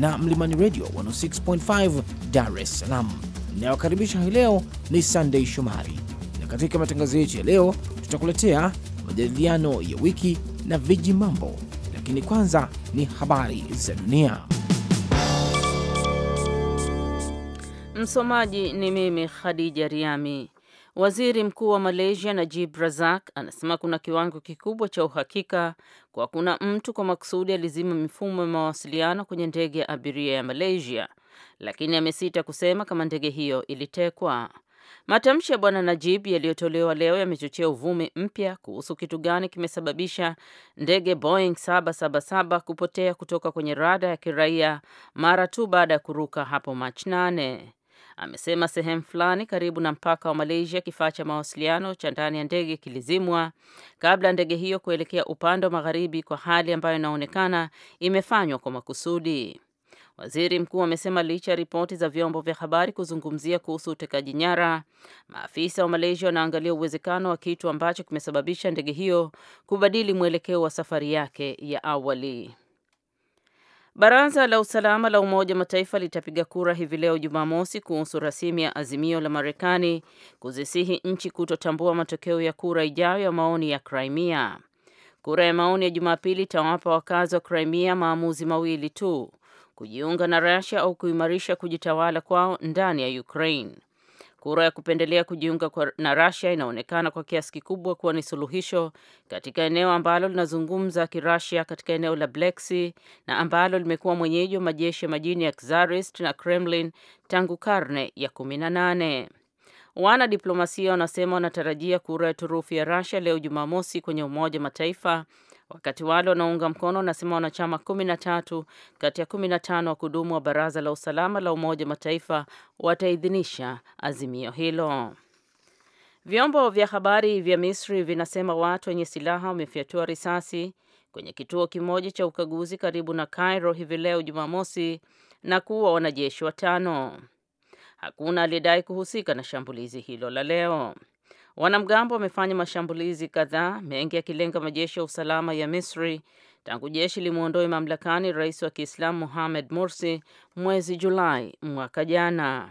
na Mlimani Radio 106.5 Dar es Salaam. Inayokaribisha hii leo ni Sunday Shomari, na katika matangazo yetu ya leo tutakuletea majadiliano ya wiki na viji mambo, lakini kwanza ni habari za dunia. Msomaji ni mimi Khadija Riami. Waziri Mkuu wa Malaysia Najib Razak anasema kuna kiwango kikubwa cha uhakika kwa kuna mtu kwa makusudi alizima mifumo ya mawasiliano kwenye ndege ya abiria ya Malaysia, lakini amesita kusema kama ndege hiyo ilitekwa. Matamshi ya bwana Najib yaliyotolewa leo yamechochea uvumi mpya kuhusu kitu gani kimesababisha ndege Boeing 777 kupotea kutoka kwenye rada ya kiraia mara tu baada ya kuruka hapo Machi 8 amesema sehemu fulani karibu na mpaka wa Malaysia kifaa cha mawasiliano cha ndani ya ndege kilizimwa kabla ndege hiyo kuelekea upande wa magharibi, kwa hali ambayo inaonekana imefanywa kwa makusudi. Waziri mkuu amesema licha ya ripoti za vyombo vya habari kuzungumzia kuhusu utekaji nyara, maafisa wa Malaysia wanaangalia uwezekano wa kitu ambacho kimesababisha ndege hiyo kubadili mwelekeo wa safari yake ya awali. Baraza la usalama la Umoja wa Mataifa litapiga kura hivi leo Jumamosi kuhusu rasimu ya azimio la Marekani kuzisihi nchi kutotambua matokeo ya kura ijayo ya maoni ya Crimea. Kura ya maoni ya Jumapili itawapa wakazi wa Crimea maamuzi mawili tu: kujiunga na Russia au kuimarisha kujitawala kwao ndani ya Ukraine. Kura ya kupendelea kujiunga kwa na Russia inaonekana kwa kiasi kikubwa kuwa ni suluhisho katika eneo ambalo linazungumza Kirusia katika eneo la Black Sea na ambalo limekuwa mwenyeji wa majeshi ya majini ya Tsarist na Kremlin tangu karne ya 18. Wanadiplomasia wanasema wanatarajia kura ya turufu ya Russia leo Jumamosi kwenye Umoja wa Mataifa wakati wale wanaounga mkono wanasema wanachama 13 kati ya 15 wa kudumu wa Baraza la Usalama la Umoja wa Mataifa wataidhinisha azimio hilo. Vyombo vya habari vya Misri vinasema watu wenye silaha wamefyatua risasi kwenye kituo kimoja cha ukaguzi karibu na Cairo hivi leo Jumamosi na kuua wanajeshi watano. Hakuna aliyedai kuhusika na shambulizi hilo la leo. Wanamgambo wamefanya mashambulizi kadhaa, mengi yakilenga majeshi ya usalama ya Misri tangu jeshi limwondoe mamlakani rais wa Kiislamu Mohamed Morsi mwezi Julai mwaka jana.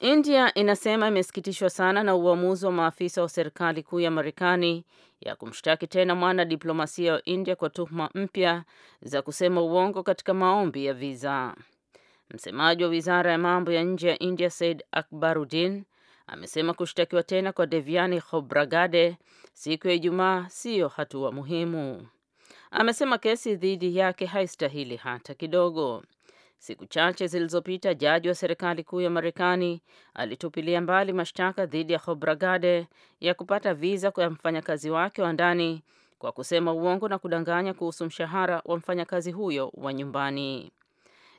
India inasema imesikitishwa sana na uamuzi wa maafisa wa serikali kuu ya Marekani ya kumshtaki tena mwana diplomasia wa India kwa tuhuma mpya za kusema uongo katika maombi ya visa. Msemaji wa wizara ya mambo ya nje ya India Said Akbaruddin amesema kushtakiwa tena kwa Deviani Khobragade siku ya Ijumaa siyo hatua muhimu. Amesema kesi dhidi yake haistahili hata kidogo. Siku chache zilizopita jaji wa serikali kuu ya Marekani alitupilia mbali mashtaka dhidi ya Khobragade ya kupata viza kwa mfanyakazi wake wa ndani kwa kusema uongo na kudanganya kuhusu mshahara wa mfanyakazi huyo wa nyumbani.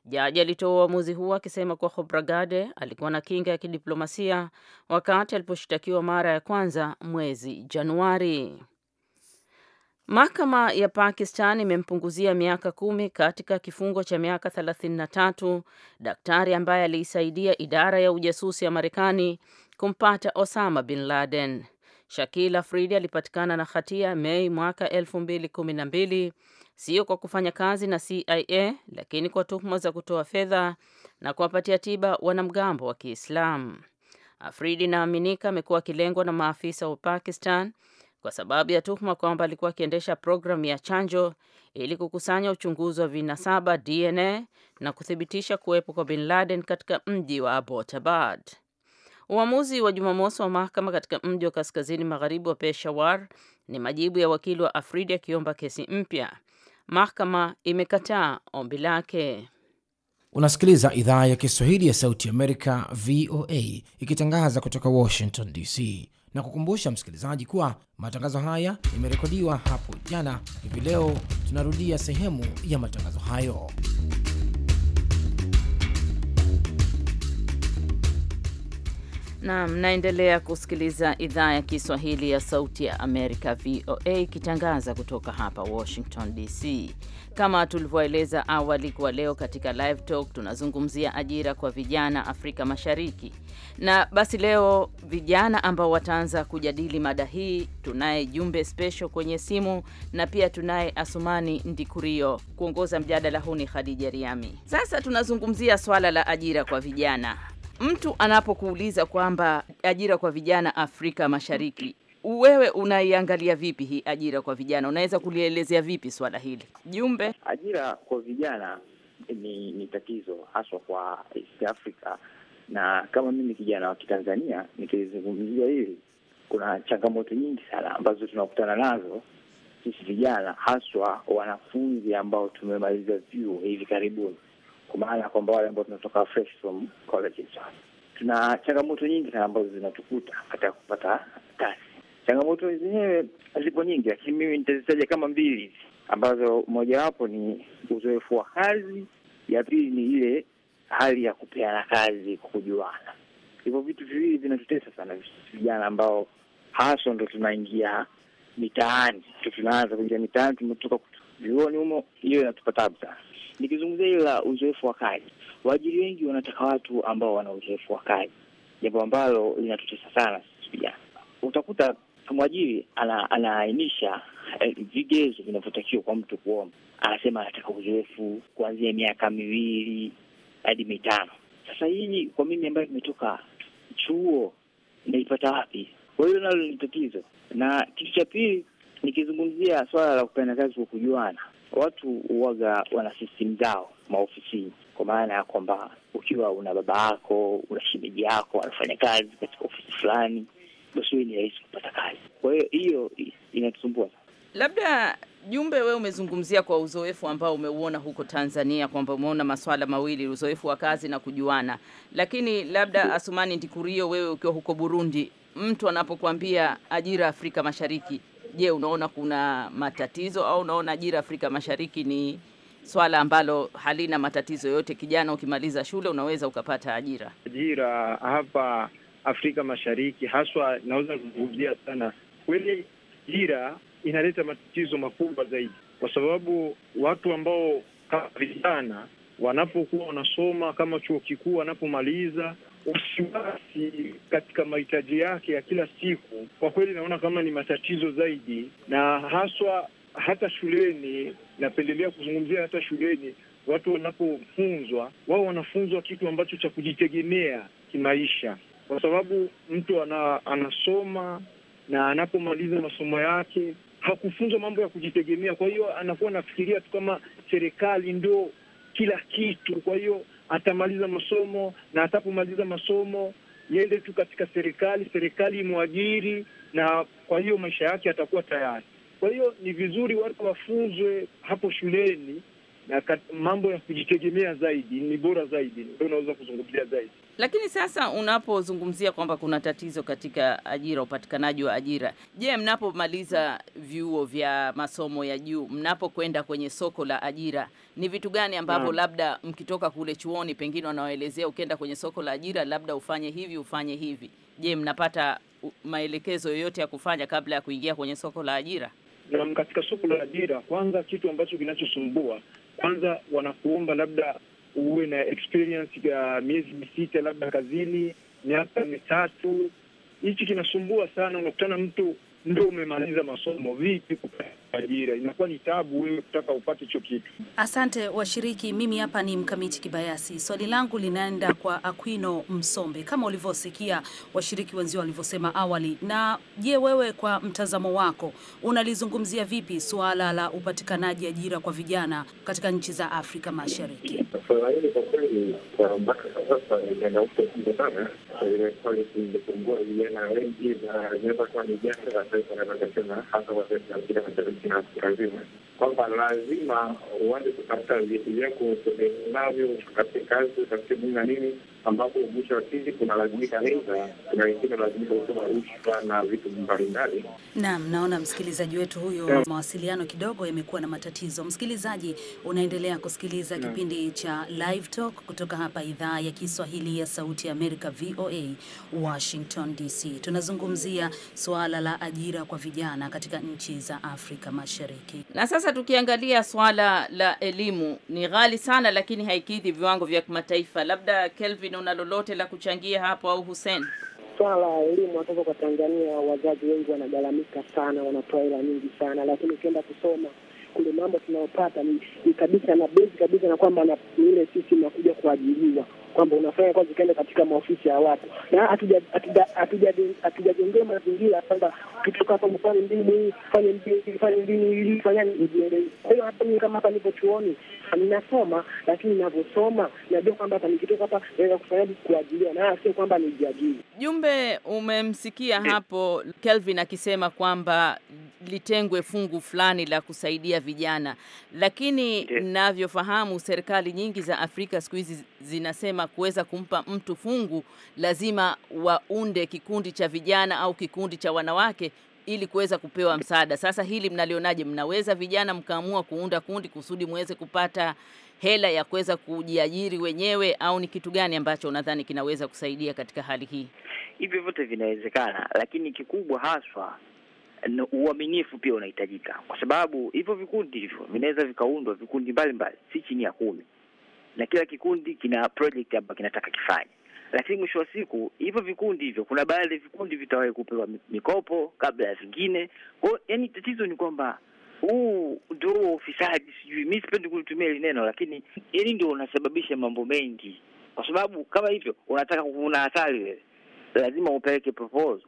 Jaji alitoa uamuzi huo akisema kuwa Hobragade alikuwa na kinga ya kidiplomasia wakati aliposhtakiwa mara ya kwanza mwezi Januari. Mahakama ya Pakistan imempunguzia miaka kumi katika kifungo cha miaka 33 daktari ambaye aliisaidia idara ya ujasusi ya Marekani kumpata Osama bin Laden. Shakil Afridi alipatikana na hatia Mei mwaka mbili sio kwa kufanya kazi na CIA, lakini kwa tuhuma za kutoa fedha na kuwapatia tiba wanamgambo wa Kiislamu. Afridi naaminika amekuwa akilengwa na maafisa wa Pakistan kwa sababu ya tuhuma kwamba alikuwa akiendesha programu ya chanjo ili kukusanya uchunguzi wa vinasaba DNA na kuthibitisha kuwepo kwa Bin Laden katika mji wa Abbottabad. Uamuzi wa Jumamosi wa mahakama katika mji wa kaskazini magharibi wa Peshawar ni majibu ya wakili wa Afridi akiomba kesi mpya Mahakama imekataa ombi lake. Unasikiliza idhaa ya Kiswahili ya Sauti Amerika, VOA, ikitangaza kutoka Washington DC na kukumbusha msikilizaji kuwa matangazo haya yamerekodiwa hapo jana. Hivi leo tunarudia sehemu ya matangazo hayo. na mnaendelea kusikiliza idhaa ya Kiswahili ya Sauti ya Amerika, VOA, ikitangaza kutoka hapa Washington DC. Kama tulivyoeleza awali, kwa leo katika Live Talk tunazungumzia ajira kwa vijana Afrika Mashariki, na basi leo vijana ambao wataanza kujadili mada hii, tunaye jumbe special kwenye simu na pia tunaye Asumani Ndikurio kuongoza mjadala huu. Ni Khadija Riami. Sasa tunazungumzia swala la ajira kwa vijana mtu anapokuuliza kwamba ajira kwa vijana Afrika Mashariki, wewe unaiangalia vipi hii ajira kwa vijana? Unaweza kulielezea vipi swala hili Jumbe? Ajira kwa vijana ni, ni tatizo haswa kwa East Africa, na kama mimi kijana wa Kitanzania nikizungumzia hili, kuna changamoto nyingi sana ambazo tunakutana nazo sisi vijana, haswa wanafunzi ambao tumemaliza vyuo hivi karibuni kwa maana ya kwamba wale ambao tunatoka fresh from colleges. Tuna changamoto nyingi sana ambazo zinatukuta katika kupata kazi. Changamoto zenyewe zipo nyingi, lakini mimi nitazitaja kama mbili ambazo mojawapo ni uzoefu wa kazi, ya pili ni ile hali ya kupeana kazi kwa kujuana. Hivyo vitu viwili vinatutesa sana vijana ambao haswa ndo tunaingia mitaani, ndo tunaanza kuingia mitaani, tumetoka vioni humo. Hiyo inatupa tabu sana. Nikizungumzia hili la uzoefu wa kazi, waajiri wengi wanataka watu ambao wana uzoefu wa kazi, jambo ambalo linatutesa sana sisi vijana. Utakuta mwajiri anaainisha ana eh, vigezo vinavyotakiwa kwa mtu kuomba, anasema anataka uzoefu kuanzia miaka miwili hadi mitano. Sasa hii kwa mimi ambayo nimetoka chuo naipata wapi? Kwa hiyo nalo ni tatizo. Na kitu cha pili nikizungumzia swala la kupeana kazi kwa kujuana, watu huwaga wana system zao maofisini, kwa maana ya kwamba ukiwa una baba yako una shemeji yako anafanya kazi katika ofisi fulani, basi wewe ni rahisi kupata kazi. Kwa hiyo hiyo inatusumbua. Labda Jumbe, wewe umezungumzia kwa uzoefu ambao umeuona huko Tanzania kwamba umeona maswala mawili, uzoefu wa kazi na kujuana, lakini labda Asumani Ndikurio, wewe ukiwa huko Burundi, mtu anapokuambia ajira Afrika Mashariki je, unaona kuna matatizo au unaona ajira Afrika Mashariki ni swala ambalo halina matatizo yote? Kijana ukimaliza shule unaweza ukapata ajira. Ajira hapa Afrika Mashariki haswa, naweza kuzungumzia sana kweli, ajira inaleta matatizo makubwa zaidi, kwa sababu watu ambao kama vijana wanapokuwa wanasoma kama chuo kikuu wanapomaliza ukiwasi katika mahitaji yake ya kila siku, kwa kweli naona kama ni matatizo zaidi, na haswa hata shuleni. Napendelea kuzungumzia hata shuleni, watu wanapofunzwa, wao wanafunzwa kitu ambacho cha kujitegemea kimaisha, kwa sababu mtu ana, anasoma na anapomaliza masomo yake hakufunzwa mambo ya kujitegemea. Kwa hiyo anakuwa anafikiria tu kama serikali ndo kila kitu, kwa hiyo atamaliza masomo, na atapomaliza masomo yende tu katika serikali, serikali imwajiri, na kwa hiyo maisha yake atakuwa tayari. Kwa hiyo ni vizuri watu wafunzwe hapo shuleni na mambo ya kujitegemea zaidi ni bora zaidi, ndio unaweza kuzungumzia zaidi. Lakini sasa unapozungumzia kwamba kuna tatizo katika ajira, upatikanaji wa ajira, je, mnapomaliza vyuo vya masomo ya juu, mnapokwenda kwenye soko la ajira, ni vitu gani ambavyo labda mkitoka kule chuoni pengine wanawaelezea, ukienda kwenye soko la ajira, labda ufanye hivi ufanye hivi? Je, mnapata maelekezo yoyote ya kufanya kabla ya kuingia kwenye soko la ajira? Na katika soko la ajira, kwanza kitu ambacho kinachosumbua kwanza wanakuomba labda uwe na experience ya miezi misita labda kazini, miaka mitatu. Hichi kinasumbua sana. Unakutana mtu ndo umemaliza masomo, vipi kupata ajira, inakuwa ni tabu wewe kutaka upate hicho kitu. Asante washiriki. Mimi hapa ni Mkamiti Kibayasi, swali langu linaenda kwa Aquino Msombe, kama ulivyosikia washiriki wenzio walivyosema awali. Na je, wewe kwa mtazamo wako unalizungumzia vipi suala la upatikanaji ajira kwa vijana katika nchi za Afrika Mashariki? Suala hili kwa kweli kwa mpaka sasa ni changamoto kubwa sana, imekuwa likipungua vijana wengi, na inaweza kuwa ni janga la taifa, naweza kusema hasa kwa Afrika Mashariki kirazima kwamba lazima uanze kutafuta vyeti vyako navyo katika kazi, utafute nini na nini ambapo mwisho wa siku kunalazimika leza, kuna wengine lazimika kusoma rushwa na vitu mbalimbali. Naam, naona msikilizaji wetu huyo yeah. Mawasiliano kidogo yamekuwa na matatizo. Msikilizaji, unaendelea kusikiliza yeah. kipindi cha Live Talk kutoka hapa idhaa ya Kiswahili ya Sauti ya Amerika, VOA Washington DC. Tunazungumzia suala la ajira kwa vijana katika nchi za Afrika Mashariki, na sasa tukiangalia suala la elimu, ni ghali sana lakini haikidhi viwango vya kimataifa. Labda Kelvin pengine una lolote la kuchangia hapo au Hussein? Swala la elimu watoto kwa Tanzania, wazazi wengi wanagalamika sana, wanatoa hela nyingi sana, lakini ukienda kusoma kule mambo tunayopata ni, ni kabisa na basi kabisa, na kwamba na ile sisi nakuja kuajiriwa kwamba unafanya kwanza ukienda katika maofisi ya watu, na hatujajengea mazingira kwamba ukitoka hapa mfanye mbinu fanye mbinu fanye mbinu hili fanyani ujiendeleze. Kwa hiyo hata mimi kama hapa nipo chuoni ninasoma, lakini ninavyosoma najua kwamba hapa nikitoka hapa naweza kufanya kuajiliwa, na sio kwamba nijiajili. Jumbe, umemsikia hapo Kelvin akisema kwamba litengwe fungu fulani la kusaidia vijana, lakini navyofahamu serikali nyingi za Afrika siku hizi zinasema kuweza kumpa mtu fungu, lazima waunde kikundi cha vijana au kikundi cha wanawake ili kuweza kupewa msaada. Sasa hili mnalionaje? Mnaweza vijana mkaamua kuunda kundi kusudi muweze kupata hela ya kuweza kujiajiri wenyewe, au ni kitu gani ambacho unadhani kinaweza kusaidia katika hali hii? Hivyo vyote vinawezekana, lakini kikubwa haswa uaminifu pia unahitajika, kwa sababu hivyo vikundi hivyo vinaweza vikaundwa vikundi mbalimbali, si chini ya kumi, na kila kikundi kina project ambayo kinataka kifanye. Lakini mwisho wa siku hivyo vikundi hivyo, kuna baadhi ya vikundi vitawahi kupewa mikopo kabla ya vingine. Kwa hiyo, yani tatizo ni kwamba huu ndio ufisadi, sijui mi sipendi kulitumia hili neno, lakini hili ndio unasababisha mambo mengi, kwa sababu kama hivyo unataka kuvuna hatari wewe lazima upeleke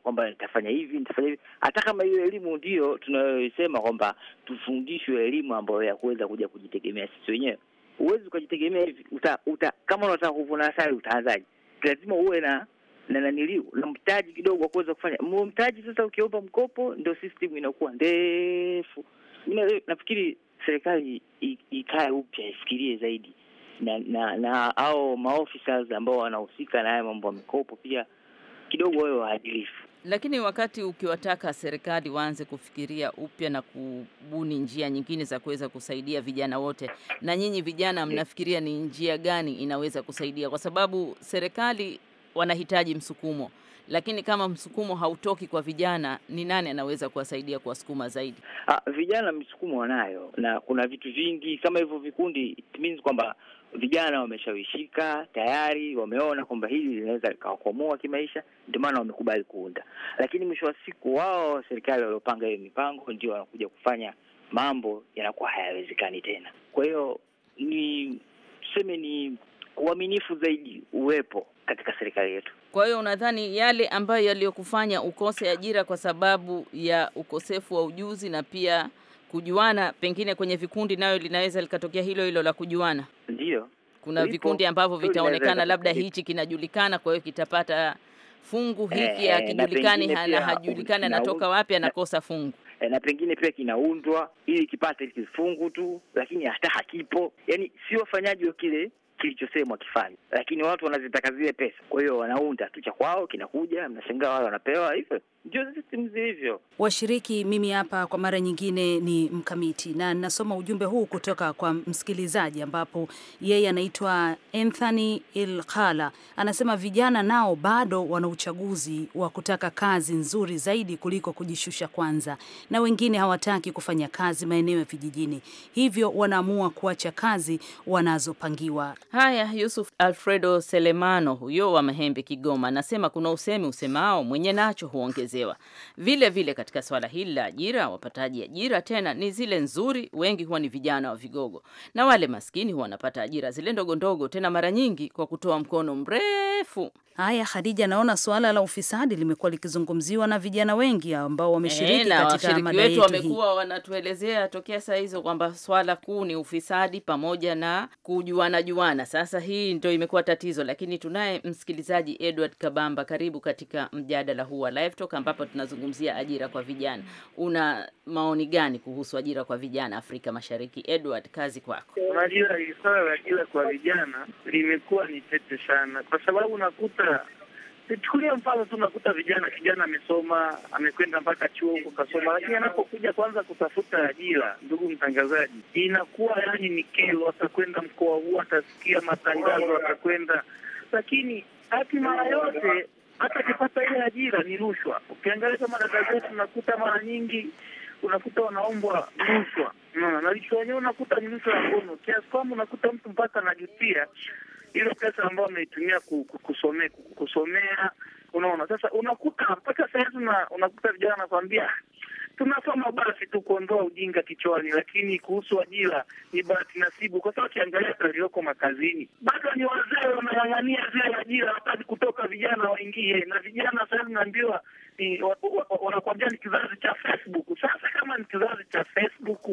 kwamba nitafanya hivi nitafanya hivi. Hata kama hiyo elimu ndiyo tunayoisema kwamba tufundishwe elimu ambayo ya kuweza kuja kujitegemea sisi wenyewe, huwezi ukajitegemea hivi uta, uta, kama unataka kuvuna asali utaanzaje? Lazima uwe na na naniliu na mtaji kidogo wa kuweza kufanya mtaji. Sasa ukiomba mkopo, ndio system inakuwa ndefu. Mimi nafikiri serikali ikae upya, ifikirie zaidi na na na au maofisa ambao wanahusika na haya mambo ya mikopo pia kidogo wawe waadilifu. Lakini wakati ukiwataka serikali waanze kufikiria upya na kubuni njia nyingine za kuweza kusaidia vijana wote, na nyinyi vijana mnafikiria ni njia gani inaweza kusaidia? Kwa sababu serikali wanahitaji msukumo, lakini kama msukumo hautoki kwa vijana, ni nani anaweza kuwasaidia kuwasukuma zaidi? Ha, ah, vijana msukumo wanayo, na kuna vitu vingi kama hivyo vikundi, it means kwamba vijana wameshawishika tayari, wameona kwamba hili linaweza likawakomoa kimaisha, ndio maana wamekubali kuunda. Lakini mwisho wa siku, wao serikali waliopanga hiyo mipango ndio wanakuja kufanya mambo yanakuwa hayawezekani tena. Kwa hiyo ni tuseme ni uaminifu zaidi uwepo katika serikali yetu. Kwa hiyo unadhani yale ambayo yaliyokufanya ukose ajira kwa sababu ya ukosefu wa ujuzi na pia kujuana, pengine kwenye vikundi nayo linaweza likatokea hilo hilo la kujuana. ndio kuna Lipo, vikundi ambavyo vitaonekana labda hichi kinajulikana, kwa hiyo kitapata fungu hiki eh, akijulikani na hajulikani anatoka wapi, anakosa fungu eh, na pengine pia kinaundwa ili kipate kifungu tu, lakini hata hakipo. Yani sio wafanyaji wa kile kilichosemwa kifanye, lakini watu wanazitaka zile pesa, kwa hiyo wanaunda tu cha kwao, kinakuja, mnashangaa wale wanapewa hivyo ndio system hivyo. Washiriki, mimi hapa kwa mara nyingine ni mkamiti na nasoma ujumbe huu kutoka kwa msikilizaji, ambapo yeye anaitwa Anthony Ilkhala, anasema vijana nao bado wana uchaguzi wa kutaka kazi nzuri zaidi kuliko kujishusha kwanza, na wengine hawataki kufanya kazi maeneo ya vijijini, hivyo wanaamua kuacha kazi wanazopangiwa. Haya, Yusuf Alfredo Selemano huyo wa Mahembe, Kigoma, anasema kuna usemi usemao mwenye nacho huongeze kuongezewa. Vile vile katika swala hili la ajira, wapataji ajira tena ni zile nzuri, wengi huwa ni vijana wa vigogo, na wale maskini huwa wanapata ajira zile ndogo ndogo, tena mara nyingi kwa kutoa mkono mrefu. Haya, Khadija, naona suala la ufisadi limekuwa likizungumziwa na vijana wengi ambao wameshiriki katika mada yetu. Wamekuwa wanatuelezea tokea saa hizo kwamba swala kuu ni ufisadi pamoja na kujuana juana. Sasa hii ndio imekuwa tatizo, lakini tunaye msikilizaji Edward Kabamba, karibu katika mjadala huu wa Live Talk ambapo tunazungumzia ajira kwa vijana. Una maoni gani kuhusu ajira kwa vijana Afrika Mashariki? Edward, kazi kwako. Unajua, swala la ajira kwa vijana limekuwa ni tete sana, kwa sababu unakuta Nichukulia mfano tu, unakuta vijana kijana amesoma amekwenda mpaka chuo huko kasoma, lakini anapokuja kwanza kutafuta ajira, ndugu mtangazaji, inakuwa yani ni kelo. Atakwenda mkoa huu, atasikia matangazo, atakwenda, lakini hati mara yote hata akipata ile ajira ni rushwa. Ukiangalia kama dada zetu, unakuta mara nyingi unakuta wanaombwa rushwa no, na rushwa wenyewe unakuta ni rushwa ya ngono, kiasi kwamba unakuta mtu mpaka anajutia ile pesa ambayo ameitumia kusomea kusomea. Unaona, sasa unakuta mpaka sahizi unakuta vijana anakwambia tunasoma basi tu kuondoa ujinga kichwani, lakini kuhusu ajira ni bahati nasibu, kwa sababu ukiangalia walioko makazini bado ni wazee wanang'ang'ania zile ajira, wakati kutoka vijana waingie, na vijana sasa naambiwa wanakwambia ni kizazi cha Facebook. Sasa kama ni kizazi cha Facebook,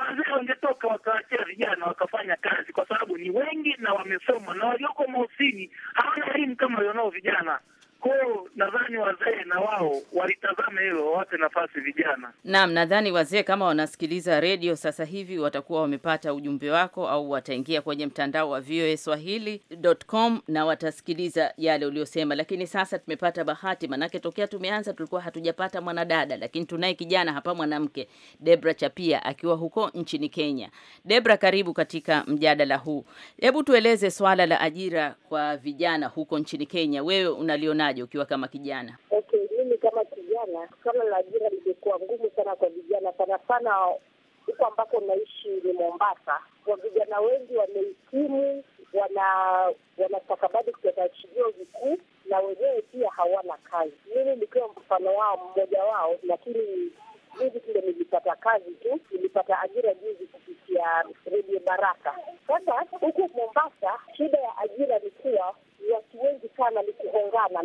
wazee wangetoka wakawachia vijana wakafanya kazi, kwa sababu ni wengi na wamesoma, na walioko maofisini hawana elimu kama walionao vijana. Kwayo nadhani wazee na wao walitazama hilo, wawape nafasi vijana. Naam, nadhani wazee kama wanasikiliza redio sasa hivi watakuwa wamepata ujumbe wako, au wataingia kwenye mtandao wa VOA Swahili.com na watasikiliza yale uliosema Lakini sasa tumepata bahati, manake tokea tumeanza tulikuwa hatujapata mwanadada, lakini tunaye kijana hapa, mwanamke Debra Chapia akiwa huko nchini Kenya. Debra, karibu katika mjadala huu. Hebu tueleze swala la ajira kwa vijana huko nchini Kenya, wewe unalionaje? unaonaje ukiwa kama kijana? Okay, mimi kama kijana, swala la ajira limekuwa ngumu sana kwa vijana, sana sana huko ambako naishi ni Mombasa. Kwa vijana wengi wamehitimu, wana wanastakabadhi kutoka chuo vikuu na wenyewe pia hawana kazi. Mimi nikiwa mfano wao, mmoja wao, lakini juzi kile nilipata kazi tu, nilipata ajira juzi kupitia redio Baraka. Sasa huku Mombasa, shida ya ajira ni kuwa sana ni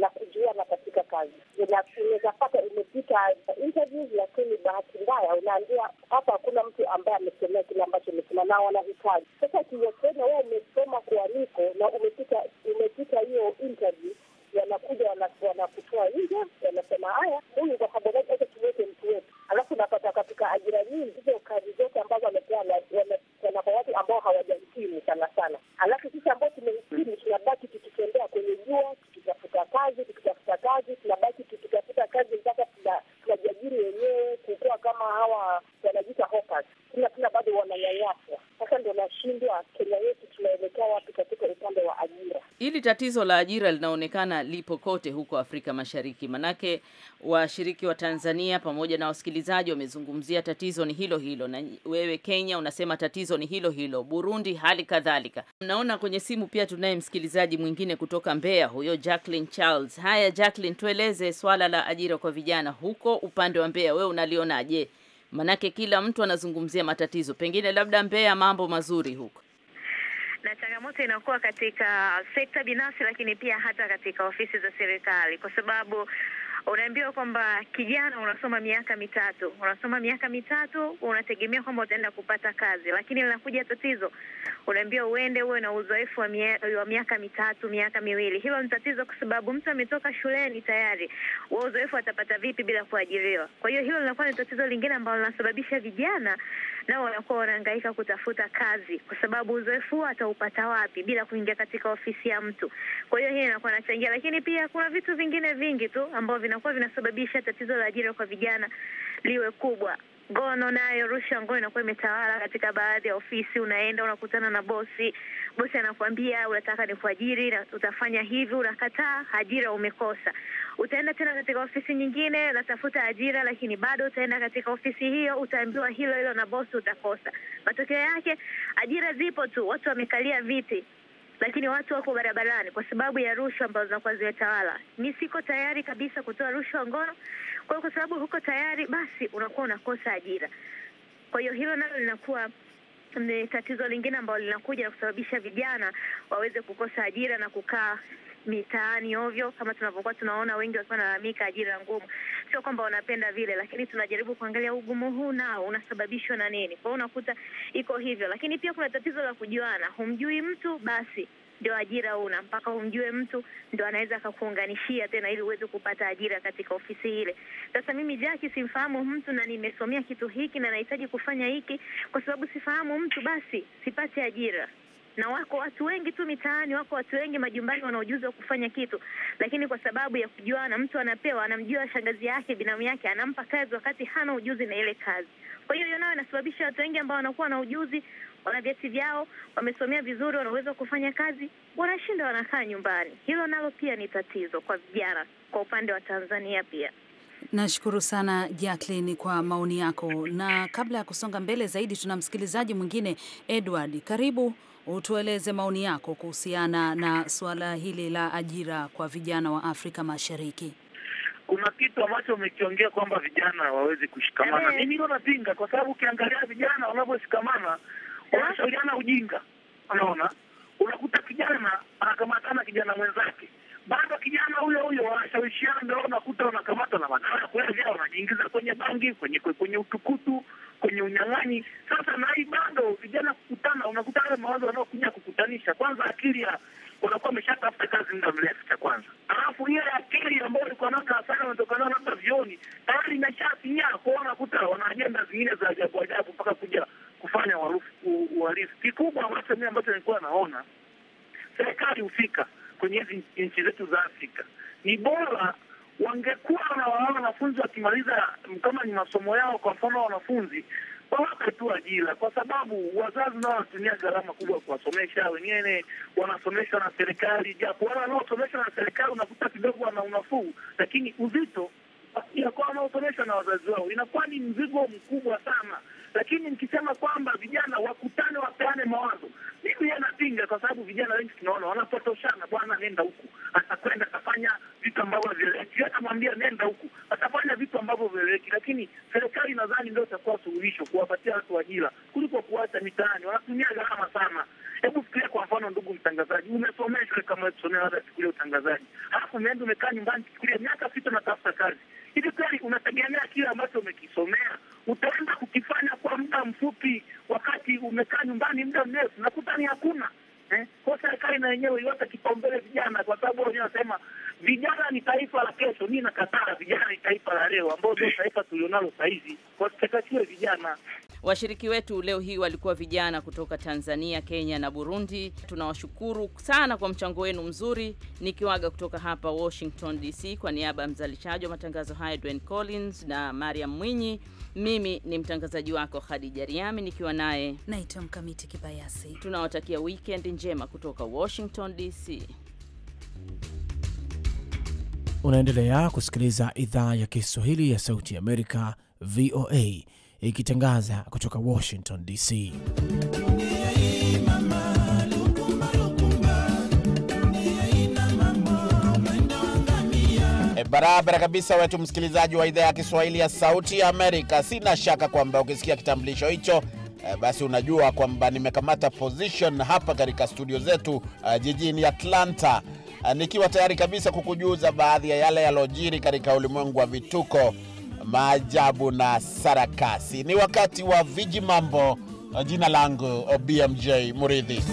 na kujuana katika kazi. Unaweza pata umepita interviews, lakini bahati mbaya unaambia hapa hakuna mtu ambaye amesomea kile ambacho umesoma na wanahitaji. Sasa kiwekena, wewe umesoma kualiko na Hili tatizo la ajira linaonekana lipo kote huko Afrika Mashariki, manake washiriki wa Tanzania pamoja na wasikilizaji wamezungumzia tatizo ni hilo hilo, na wewe Kenya unasema tatizo ni hilo hilo, Burundi hali kadhalika. Naona kwenye simu pia tunaye msikilizaji mwingine kutoka Mbeya, huyo Jacqueline Charles. Haya Jacqueline, tueleze swala la ajira kwa vijana huko upande wa Mbeya, wewe unalionaje? Manake kila mtu anazungumzia matatizo, pengine labda Mbeya mambo mazuri huko na changamoto inakuwa katika sekta binafsi, lakini pia hata katika ofisi za serikali, kwa sababu unaambiwa kwamba kijana unasoma miaka mitatu, unasoma miaka mitatu, unategemea kwamba utaenda kupata kazi, lakini linakuja tatizo unaambiwa uende uwe na uzoefu wa, mie, wa miaka mitatu miaka miwili. Hilo ni tatizo, kwa sababu mtu ametoka shuleni tayari, wa uzoefu atapata vipi bila kuajiriwa? Kwa hiyo hilo linakuwa ni tatizo lingine ambalo linasababisha vijana nao wanakuwa wanahangaika kutafuta kazi, kwa sababu uzoefu huo ataupata wapi bila kuingia katika ofisi ya mtu? Kwa hiyo hii inakuwa inachangia, lakini pia kuna vitu vingine vingi tu ambavyo vinakuwa vinasababisha tatizo la ajira kwa vijana liwe kubwa ngono nayo, rushwa ngono inakuwa imetawala katika baadhi ya ofisi. Unaenda unakutana na bosi, bosi anakuambia unataka kuajiri na utafanya hivi, unakataa, ajira umekosa. Utaenda tena katika ofisi nyingine, unatafuta ajira, lakini bado utaenda katika ofisi hiyo, utaambiwa hilo hilo na bosi, utakosa. Matokeo yake ajira zipo tu, watu wamekalia viti lakini watu wako barabarani kwa sababu ya rushwa ambazo zinakuwa zimetawala. Mi siko tayari kabisa kutoa rushwa ngono. Kwa hiyo kwa sababu huko tayari, basi unakuwa unakosa ajira. Kwa hiyo hilo nalo linakuwa ni tatizo lingine ambalo linakuja na kusababisha vijana waweze kukosa ajira na kukaa mitaani ovyo, kama tunavyokuwa tunaona wengi wakiwa wanalalamika ajira ngumu. Sio kwamba wanapenda vile, lakini tunajaribu kuangalia ugumu huu nao unasababishwa na nini. Kwa hiyo unakuta iko hivyo, lakini pia kuna tatizo la kujuana. Humjui mtu basi ndio ajira una mpaka umjue mtu ndio anaweza akakuunganishia tena ili uweze kupata ajira katika ofisi ile. Sasa mimi Jaki simfahamu mtu na nimesomea kitu hiki na nahitaji kufanya hiki, kwa sababu sifahamu mtu basi sipate ajira na wako watu wengi tu mitaani, wako watu wengi majumbani wana ujuzi wa kufanya kitu, lakini kwa sababu ya kujuana, mtu anapewa, anamjua shangazi yake, binamu yake, anampa kazi wakati hana ujuzi na ile kazi. Kwa hiyo hiyo nayo inasababisha watu wengi ambao wanakuwa na ujuzi, wana vyeti vyao, wamesomea vizuri, wanaweza kufanya kazi, wanashinda wanakaa nyumbani. Hilo nalo pia ni tatizo kwa vijana, kwa upande wa Tanzania pia. Nashukuru sana Jacqueline kwa maoni yako, na kabla ya kusonga mbele zaidi, tuna msikilizaji mwingine Edward. Karibu utueleze maoni yako kuhusiana na suala hili la ajira kwa vijana wa Afrika Mashariki. Kuna kitu ambacho umekiongea kwamba vijana hawawezi kushikamana. Mm. Mimi napinga, kwa sababu ukiangalia vijana wanavyoshikamana wanashauriana ujinga. Unaona, unakuta kijana anakamatana kijana mwenzake bado kijana huyo huyo wanashawishiana, ndio unakuta wanakamata na madawa ya kulevya, wanajiingiza kwenye bangi, kwenye kwenye utukutu, kwenye unyang'anyi. Sasa na hii bado vijana kukutana, unakuta wale mawazo wanaokuja kukutanisha, kwanza akili ya wanakuwa wameshatafuta kazi muda mrefu, cha kwanza, alafu hiyo ya akili ambayo ilikuwa nao kaasana wanatokana labda vioni tayari imeshasinyaa kwao, wanakuta wana ajenda zingine za ajabu ajabu mpaka kuja kufanya uhalifu. Kikubwa ambacho mi ambacho nilikuwa naona serikali husika kwenye hizi nchi zetu za Afrika. Ni bora wangekuwa wanawaona wanafunzi wakimaliza kama ni masomo yao, kwa mfano wanafunzi wawape tu ajira, kwa sababu wazazi nao wanatumia gharama kubwa kuwasomesha. Wengine wanasomeshwa na serikali, japo wale wanaosomeshwa na serikali unakuta kidogo wana unafuu, lakini uzito kwa wanaosomeshwa na wazazi wao inakuwa ni mzigo mkubwa sana. Lakini nikisema kwamba vijana wakutane, wapeane mawazo, pia napinga kwa sababu vijana wengi tunaona wanapotoshana, bwana nenda huku, atakwenda atafanya vitu ambavyo havieleweki. Atamwambia nenda huku, atafanya vitu ambavyo havieleweki. Lakini serikali nadhani ndio itakuwa suluhisho kuwapatia watu ajira kuliko kuwacha mitaani, wanatumia gharama sana. Hebu fikiria kwa mfano, ndugu mtangazaji, umesomea shule kama tusomea labda chukulia utangazaji, halafu umeenda umekaa nyumbani, chukulia miaka sita unatafuta kazi. Hivi kweli unategemea kile ambacho umekisomea utaenda kwa muda mfupi, wakati umekaa nyumbani muda mrefu, nakuta ni hakuna eh. Kwa serikali na wenyewe iwata kipaumbele vijana, kwa sababu wenyewe wanasema vijana ni taifa la kesho. Mi nakataa, vijana ni taifa la leo, ambao ndio taifa tulionalo sahizi, kwa tutatakiwe vijana Washiriki wetu leo hii walikuwa vijana kutoka Tanzania, Kenya na Burundi. Tunawashukuru sana kwa mchango wenu mzuri, nikiwaga kutoka hapa Washington DC kwa niaba ya mzalishaji wa matangazo haya Dwayne Collins na Mariam Mwinyi. Mimi ni mtangazaji wako Khadija Riami nikiwa naye naitwa Mkamiti Kibayasi. Tunawatakia weekend njema kutoka Washington DC. Unaendelea kusikiliza idhaa ya Kiswahili ya Sauti ya Amerika, VOA ikitangaza kutoka Washington DC. Eh, barabara kabisa wetu msikilizaji wa idhaa ya Kiswahili ya Sauti ya Amerika. Sina shaka kwamba ukisikia kitambulisho hicho e, basi unajua kwamba nimekamata position hapa katika studio zetu uh, jijini Atlanta uh, nikiwa tayari kabisa kukujuza baadhi ya yale yalojiri katika ulimwengu wa vituko maajabu na sarakasi. Ni wakati wa viji mambo. Jina langu BMJ Muridhi.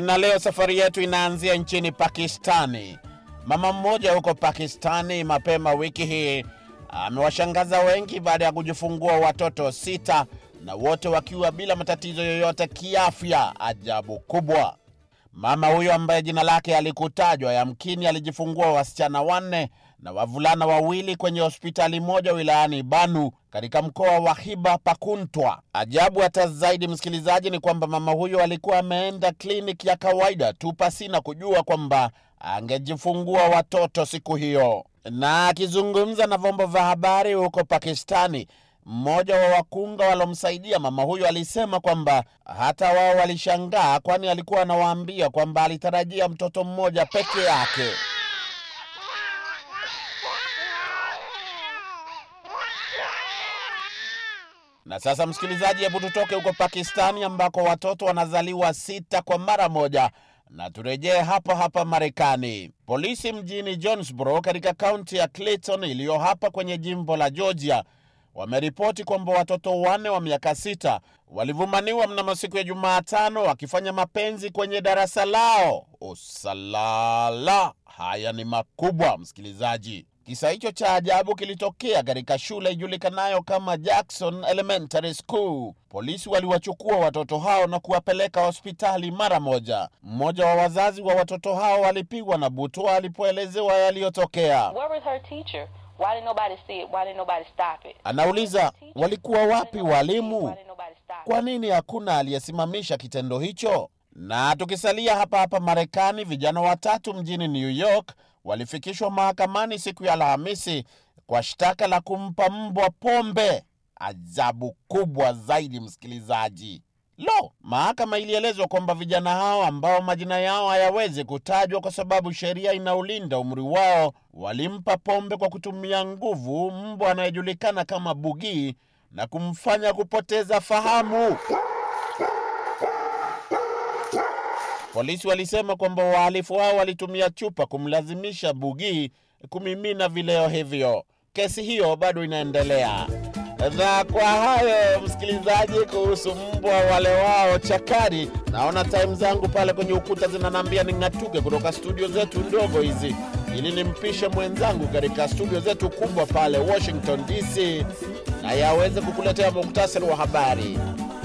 Na leo safari yetu inaanzia nchini Pakistani. Mama mmoja huko Pakistani mapema wiki hii amewashangaza wengi baada ya kujifungua watoto sita na wote wakiwa bila matatizo yoyote kiafya. Ajabu kubwa. Mama huyo ambaye jina lake alikutajwa, yamkini alijifungua wasichana wanne na wavulana wawili kwenye hospitali moja wilayani Banu katika mkoa wa Hiba Pakuntwa. Ajabu hata zaidi, msikilizaji, ni kwamba mama huyo alikuwa ameenda kliniki ya kawaida tu pasina kujua kwamba angejifungua watoto siku hiyo. Na akizungumza na vyombo vya habari huko Pakistani, mmoja wa wakunga walomsaidia mama huyo alisema kwamba hata wao walishangaa, kwani alikuwa anawaambia kwamba alitarajia mtoto mmoja peke yake. Na sasa, msikilizaji, hebu tutoke huko Pakistani ambako watoto wanazaliwa sita kwa mara moja na turejee hapa hapa Marekani. Polisi mjini johnsboro katika kaunti ya Clayton iliyo hapa kwenye jimbo la Georgia wameripoti kwamba watoto wanne wa miaka sita walivumaniwa mnamo siku ya jumaatano wakifanya mapenzi kwenye darasa lao. Usalala! Haya ni makubwa, msikilizaji. Kisa hicho cha ajabu kilitokea katika shule ijulikanayo kama Jackson Elementary School. Polisi waliwachukua watoto hao na kuwapeleka hospitali mara moja. Mmoja wa wazazi wa watoto hao walipigwa na butwa alipoelezewa yaliyotokea. Why nobody see it? Why nobody stop it? Anauliza walikuwa wapi walimu? Kwa nini hakuna aliyesimamisha kitendo hicho? Na tukisalia hapa hapa Marekani, vijana watatu mjini New York walifikishwa mahakamani siku ya Alhamisi kwa shtaka la kumpa mbwa pombe. Ajabu kubwa zaidi, msikilizaji, Lo, mahakama ilielezwa kwamba vijana hao ambao majina yao hayawezi kutajwa kwa sababu sheria inaulinda umri wao, walimpa pombe kwa kutumia nguvu mbwa anayejulikana kama Bugii na kumfanya kupoteza fahamu. Polisi walisema kwamba wahalifu hao walitumia chupa kumlazimisha Bugii kumimina vileo hivyo. Kesi hiyo bado inaendelea na kwa hayo msikilizaji, kuhusu mbwa wale wao chakari, naona taimu zangu pale kwenye ukuta zinanambia ning'atuke kutoka studio zetu ndogo hizi ili nimpishe mwenzangu katika studio zetu kubwa pale Washington DC na yaweze kukuletea muktasari wa habari.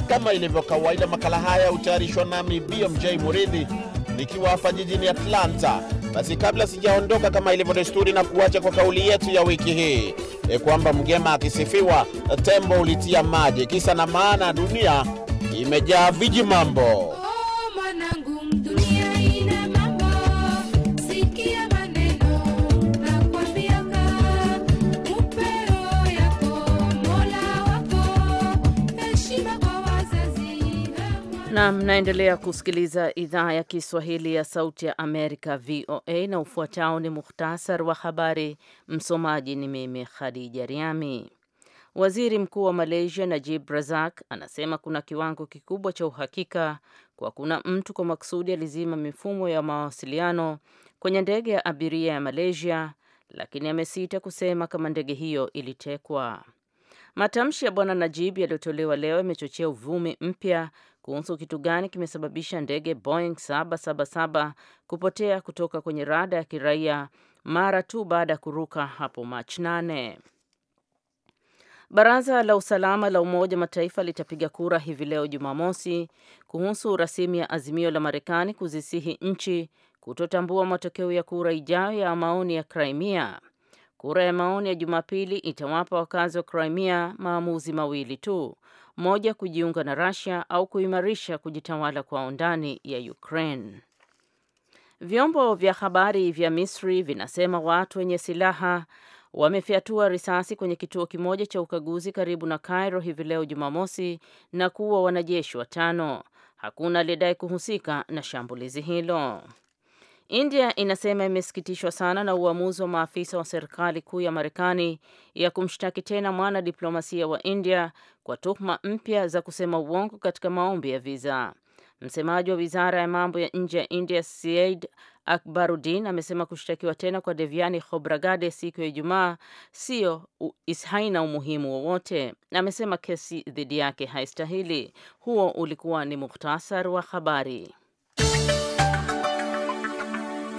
Kama ilivyo kawaida, makala haya hutayarishwa nami BMJ Muridhi nikiwa hapa jijini Atlanta basi kabla sijaondoka, kama ilivyo desturi, na kuacha kwa kauli yetu ya wiki hii e, kwamba mgema akisifiwa tembo ulitia maji. Kisa na maana, dunia imejaa viji mambo. na mnaendelea kusikiliza idhaa ya Kiswahili ya Sauti ya Amerika, VOA, na ufuatao ni muhtasar wa habari. Msomaji ni mimi Khadija Riami. Waziri Mkuu wa Malaysia Najib Razak anasema kuna kiwango kikubwa cha uhakika kwa kuna mtu kwa makusudi alizima mifumo ya mawasiliano kwenye ndege ya abiria ya Malaysia, lakini amesita kusema kama ndege hiyo ilitekwa. Matamshi ya bwana Najib yaliyotolewa leo yamechochea uvumi mpya kuhusu kitu gani kimesababisha ndege Boeing 777 kupotea kutoka kwenye rada ya kiraia mara tu baada ya kuruka hapo Machi 8. Baraza la usalama la Umoja Mataifa litapiga kura hivi leo Jumamosi kuhusu rasimu ya azimio la Marekani kuzisihi nchi kutotambua matokeo ya kura ijayo ya maoni ya Crimea. Kura ya maoni ya Jumapili itawapa wakazi wa Crimea maamuzi mawili tu, moja kujiunga na Russia au kuimarisha kujitawala kwao ndani ya Ukraine. Vyombo vya habari vya Misri vinasema watu wenye silaha wamefyatua risasi kwenye kituo kimoja cha ukaguzi karibu na Cairo hivi leo Jumamosi na kuua wanajeshi watano. Hakuna aliyedai kuhusika na shambulizi hilo. India inasema imesikitishwa sana na uamuzi wa maafisa wa serikali kuu ya Marekani ya kumshtaki tena mwana diplomasia wa India kwa tuhuma mpya za kusema uongo katika maombi ya viza. Msemaji wa wizara ya mambo ya nje ya India Syed Akbaruddin amesema kushtakiwa tena kwa Devyani Khobragade siku ya Ijumaa sio haina umuhimu wowote. Amesema kesi dhidi yake haistahili. Huo ulikuwa ni muhtasari wa habari.